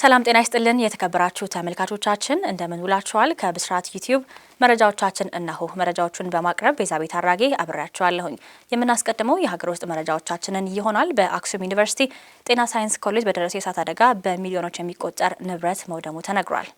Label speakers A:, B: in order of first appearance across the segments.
A: ሰላም ጤና ይስጥልን የተከበራችሁ ተመልካቾቻችን እንደምን ውላችኋል? ከብስራት ዩቲዩብ መረጃዎቻችን እነሆ። መረጃዎቹን በማቅረብ ቤዛቤት አራጌ አብሬያችኋለሁኝ። የምናስቀድመው የሀገር ውስጥ መረጃዎቻችንን ይሆናል። በአክሱም ዩኒቨርሲቲ ጤና ሳይንስ ኮሌጅ በደረሰ የእሳት አደጋ በሚሊዮኖች የሚቆጠር ንብረት መውደሙ ተነግሯል።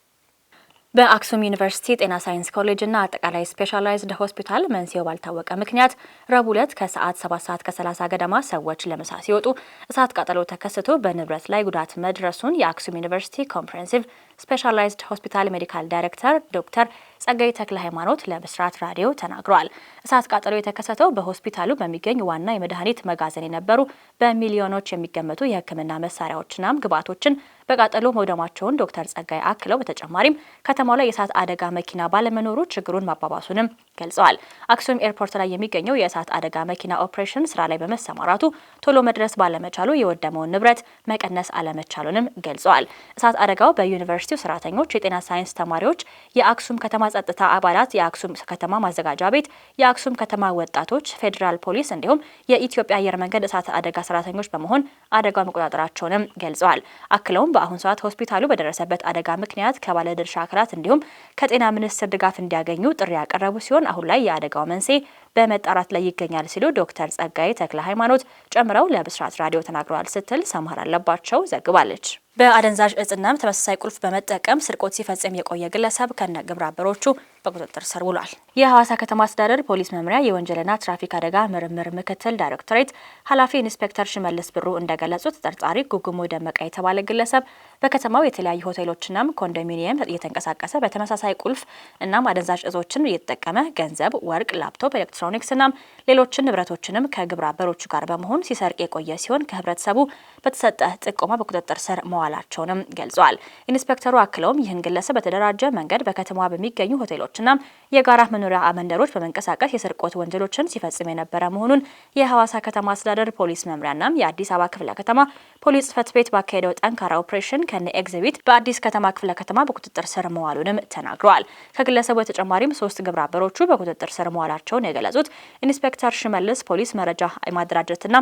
A: በአክሱም ዩኒቨርሲቲ ጤና ሳይንስ ኮሌጅ እና አጠቃላይ ስፔሻላይዝድ ሆስፒታል መንስኤው ባልታወቀ ምክንያት ረቡዕ ዕለት ከሰዓት 7 ሰዓት ከ30 ገደማ ሰዎች ለምሳ ሲወጡ እሳት ቃጠሎ ተከስቶ በንብረት ላይ ጉዳት መድረሱን የአክሱም ዩኒቨርሲቲ ኮምፕሬሄንሲቭ ስፔሻላይዝድ ሆስፒታል ሜዲካል ዳይሬክተር ዶክተር ጸጋይ ተክለ ሃይማኖት ለብስራት ራዲዮ ተናግረዋል። እሳት ቃጠሎ የተከሰተው በሆስፒታሉ በሚገኝ ዋና የመድኃኒት መጋዘን የነበሩ በሚሊዮኖች የሚገመቱ የሕክምና መሳሪያዎችናም ግብዓቶችን በቃጠሎ መውደማቸውን ዶክተር ጸጋይ አክለው በተጨማሪም ከተማው ላይ የእሳት አደጋ መኪና ባለመኖሩ ችግሩን ማባባሱንም ገልጸዋል። አክሱም ኤርፖርት ላይ የሚገኘው የእሳት አደጋ መኪና ኦፕሬሽን ስራ ላይ በመሰማራቱ ቶሎ መድረስ ባለመቻሉ የወደመውን ንብረት መቀነስ አለመቻሉንም ገልጸዋል። እሳት አደጋው በዩኒቨርሲቲው ሰራተኞች፣ የጤና ሳይንስ ተማሪዎች፣ የአክሱም ከተማ ጸጥታ አባላት፣ የአክሱም ከተማ ማዘጋጃ ቤት፣ የአክሱም ከተማ ወጣቶች፣ ፌዴራል ፖሊስ እንዲሁም የኢትዮጵያ አየር መንገድ እሳት አደጋ ሰራተኞች በመሆን አደጋው መቆጣጠራቸውንም ገልጸዋል። አክለውም በአሁኑ ሰዓት ሆስፒታሉ በደረሰበት አደጋ ምክንያት ከባለድርሻ አካላት እንዲሁም ከጤና ሚኒስቴር ድጋፍ እንዲያገኙ ጥሪ ያቀረቡ ሲሆን አሁን ላይ የአደጋው መንስኤ በመጣራት ላይ ይገኛል ሲሉ ዶክተር ጸጋዬ ተክለ ሃይማኖት ጨምረው ለብስራት ራዲዮ ተናግረዋል ስትል ሰማር አለባቸው ዘግባለች። በአደንዛዥ እጽናም ተመሳሳይ ቁልፍ በመጠቀም ስርቆት ሲፈጽም የቆየ ግለሰብ ከነ ግብረ አበሮቹ በቁጥጥር ስር ውሏል። የሐዋሳ ከተማ አስተዳደር ፖሊስ መምሪያ የወንጀልና ትራፊክ አደጋ ምርምር ምክትል ዳይሬክቶሬት ኃላፊ ኢንስፔክተር ሽመልስ ብሩ እንደገለጹ ተጠርጣሪ ጉጉሞ ደመቀ የተባለ ግለሰብ በከተማው የተለያዩ ሆቴሎችናም ኮንዶሚኒየም እየተንቀሳቀሰ በተመሳሳይ ቁልፍ እናም አደንዛዥ እጾችን እየተጠቀመ ገንዘብ፣ ወርቅ፣ ላፕቶፕ፣ ኤሌክትሮኒክስ እናም ሌሎችን ንብረቶችንም ከግብረ አበሮቹ ጋር በመሆን ሲሰርቅ የቆየ ሲሆን ከህብረተሰቡ በተሰጠ ጥቆማ በቁጥጥር ስር መዋላቸውንም ገልጿል። ኢንስፔክተሩ አክለውም ይህን ግለሰብ በተደራጀ መንገድ በከተማዋ በሚገኙ ሆቴሎች ሱቆችና የጋራ መኖሪያ መንደሮች በመንቀሳቀስ የስርቆት ወንጀሎችን ሲፈጽም የነበረ መሆኑን የሐዋሳ ከተማ አስተዳደር ፖሊስ መምሪያና የአዲስ አበባ ክፍለ ከተማ ፖሊስ ጽፈት ቤት ባካሄደው ጠንካራ ኦፕሬሽን ከነ ኤግዚቢት በአዲስ ከተማ ክፍለ ከተማ በቁጥጥር ስር መዋሉንም ተናግረዋል። ከግለሰቡ በተጨማሪም ሶስት ግብረ አበሮቹ በቁጥጥር ስር መዋላቸውን የገለጹት ኢንስፔክተር ሽመልስ ፖሊስ መረጃ የማደራጀትና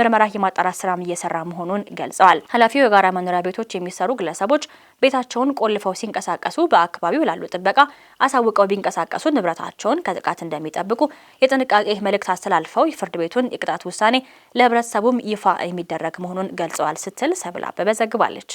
A: ምርመራ የማጣራት ስራም እየሰራ መሆኑን ገልጸዋል። ኃላፊው የጋራ መኖሪያ ቤቶች የሚሰሩ ግለሰቦች ቤታቸውን ቆልፈው ሲንቀሳቀሱ በአካባቢው ላሉ ጥበቃ አሳውቀ አውቀው ቢንቀሳቀሱ ንብረታቸውን ከጥቃት እንደሚጠብቁ የጥንቃቄ መልእክት አስተላልፈው የፍርድ ቤቱን የቅጣት ውሳኔ ለህብረተሰቡም ይፋ የሚደረግ መሆኑን ገልጸዋል ስትል ሰብል አበበ ዘግባለች።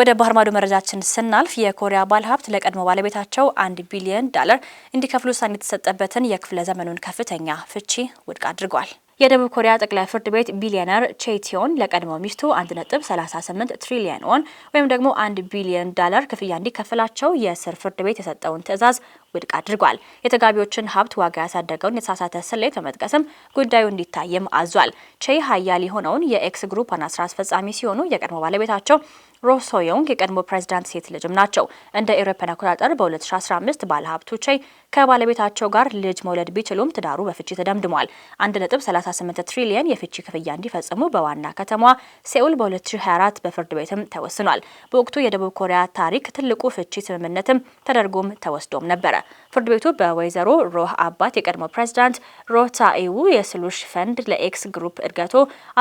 A: ወደ ባህር ማዶ መረጃችን ስናልፍ የኮሪያ ባለሀብት ለቀድሞ ባለቤታቸው አንድ ቢሊዮን ዳለር እንዲከፍሉ ውሳኔ የተሰጠበትን የክፍለ ዘመኑን ከፍተኛ ፍቺ ውድቅ አድርጓል። የደቡብ ኮሪያ ጠቅላይ ፍርድ ቤት ቢሊዮነር ቼቲዮን ለቀድሞ ሚስቱ 1.38 ትሪሊየን ወን ወይም ደግሞ 1 ቢሊዮን ዶላር ክፍያ እንዲከፈላቸው የስር ፍርድ ቤት የሰጠውን ትዕዛዝ ውድቅ አድርጓል። የተጋቢዎችን ሀብት ዋጋ ያሳደገውን የተሳሳተ ስሌት በመጥቀስም ጉዳዩ እንዲታይም አዟል። ቼ ሀያል የሆነውን የኤክስ ግሩፕ ዋና ስራ አስፈጻሚ ሲሆኑ የቀድሞ ባለቤታቸው ሮሶዮንግ የቀድሞ ፕሬዚዳንት ሴት ልጅም ናቸው። እንደ ኤሮፓን አቆጣጠር በ2015 ባለሀብቱ ከባለቤታቸው ጋር ልጅ መውለድ ቢችሉም ትዳሩ በፍቺ ተደምድሟል። 1.38 ትሪሊየን የፍቺ ክፍያ እንዲፈጽሙ በዋና ከተማዋ ሴውል በ2024 በፍርድ ቤትም ተወስኗል። በወቅቱ የደቡብ ኮሪያ ታሪክ ትልቁ ፍቺ ስምምነትም ተደርጎም ተወስዶም ነበረ። ፍርድ ቤቱ በወይዘሮ ሮህ አባት የቀድሞ ፕሬዚዳንት ሮታኢው የስሉሽ ፈንድ ለኤክስ ግሩፕ እድገቶ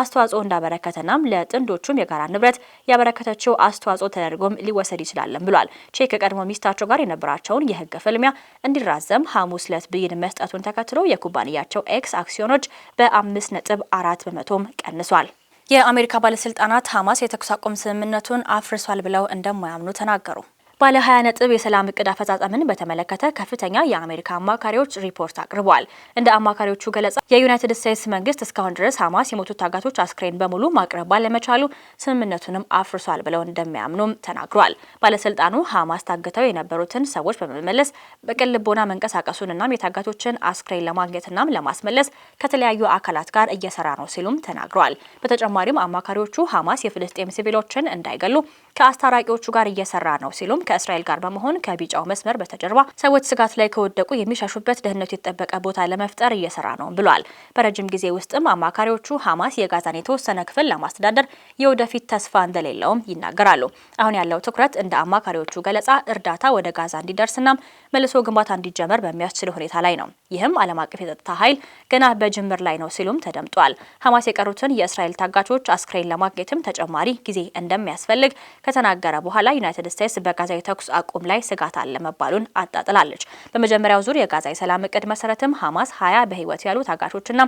A: አስተዋጽኦ እንዳበረከተናም ለጥንዶቹም የጋራ ንብረት ያበረከተችው ለመኖራቸው አስተዋጽኦ ተደርጎም ሊወሰድ ይችላለን ብሏል። ቼክ ከቀድሞ ሚስታቸው ጋር የነበራቸውን የህግ ፍልሚያ እንዲራዘም ሐሙስ ዕለት ብይን መስጠቱን ተከትሎ የኩባንያቸው ኤክስ አክሲዮኖች በአምስት ነጥብ አራት በመቶም ቀንሷል። የአሜሪካ ባለስልጣናት ሐማስ የተኩስ አቁም ስምምነቱን አፍርሷል ብለው እንደማያምኑ ተናገሩ። ባለ 20 ነጥብ የሰላም እቅድ አፈጻጸምን በተመለከተ ከፍተኛ የአሜሪካ አማካሪዎች ሪፖርት አቅርቧል። እንደ አማካሪዎቹ ገለጻ የዩናይትድ ስቴትስ መንግስት እስካሁን ድረስ ሐማስ የሞቱት ታጋቶች አስክሬን በሙሉ ማቅረብ ባለመቻሉ ስምምነቱንም አፍርሷል ብለው እንደሚያምኑም ተናግሯል። ባለስልጣኑ ሐማስ ታግተው የነበሩትን ሰዎች በመመለስ በቅን ልቦና መንቀሳቀሱንናም የታጋቶችን አስክሬን ለማግኘትናም ለማስመለስ ከተለያዩ አካላት ጋር እየሰራ ነው ሲሉም ተናግረዋል። በተጨማሪም አማካሪዎቹ ሐማስ የፍልስጤም ሲቪሎችን እንዳይገሉ ከአስታራቂዎቹ ጋር እየሰራ ነው ሲሉም ከእስራኤል ጋር በመሆን ከቢጫው መስመር በተጀርባ ሰዎች ስጋት ላይ ከወደቁ የሚሸሹበት ደህንነቱ የተጠበቀ ቦታ ለመፍጠር እየሰራ ነው ብሏል። በረጅም ጊዜ ውስጥም አማካሪዎቹ ሐማስ የጋዛን የተወሰነ ክፍል ለማስተዳደር የወደፊት ተስፋ እንደሌለውም ይናገራሉ። አሁን ያለው ትኩረት እንደ አማካሪዎቹ ገለጻ እርዳታ ወደ ጋዛ እንዲደርስና መልሶ ግንባታ እንዲጀመር በሚያስችል ሁኔታ ላይ ነው። ይህም ዓለም አቀፍ የጸጥታ ኃይል ገና በጅምር ላይ ነው ሲሉም ተደምጧል። ሐማስ የቀሩትን የእስራኤል ታጋቾች አስክሬን ለማግኘትም ተጨማሪ ጊዜ እንደሚያስፈልግ ከተናገረ በኋላ ዩናይትድ ስቴትስ በጋዛ የተኩስ አቁም ላይ ስጋት አለ መባሉን አጣጥላለች። በመጀመሪያው ዙር የጋዛ የሰላም እቅድ መሰረትም ሐማስ ሀያ በህይወት ያሉ ታጋቾችና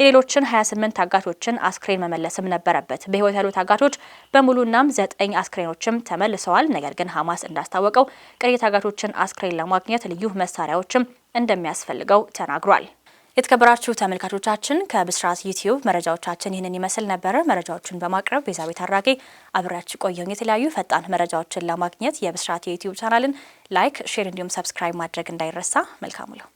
A: የሌሎችን ሀያ ስምንት ታጋቾችን አስክሬን መመለስም ነበረበት። በህይወት ያሉ ታጋቾች በሙሉናም ዘጠኝ አስክሬኖችም ተመልሰዋል። ነገር ግን ሐማስ እንዳስታወቀው ቀሪ ታጋቾችን አስክሬን ለማግኘት ልዩ መሳሪያዎችም እንደሚያስፈልገው ተናግሯል። የተከበራችሁ ተመልካቾቻችን ከብስራት ዩቲዩብ መረጃዎቻችን ይህንን ይመስል ነበር። መረጃዎችን በማቅረብ ቤዛቤት አራጌ አብሬያችሁ ቆየሁኝ። የተለያዩ ፈጣን መረጃዎችን ለማግኘት የብስራት የዩቲዩብ ቻናልን ላይክ፣ ሼር እንዲሁም ሰብስክራይብ ማድረግ እንዳይረሳ። መልካም ውለው